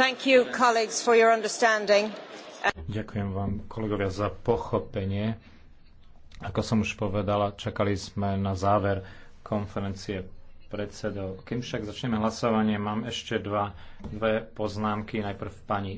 You, Ďakujem vám, kolegovia, za pochopenie. Ako som už povedala, čakali sme na záver konferencie predsedov. Kým však začneme hlasovanie, mám ešte dva, dve poznámky. Najprv pani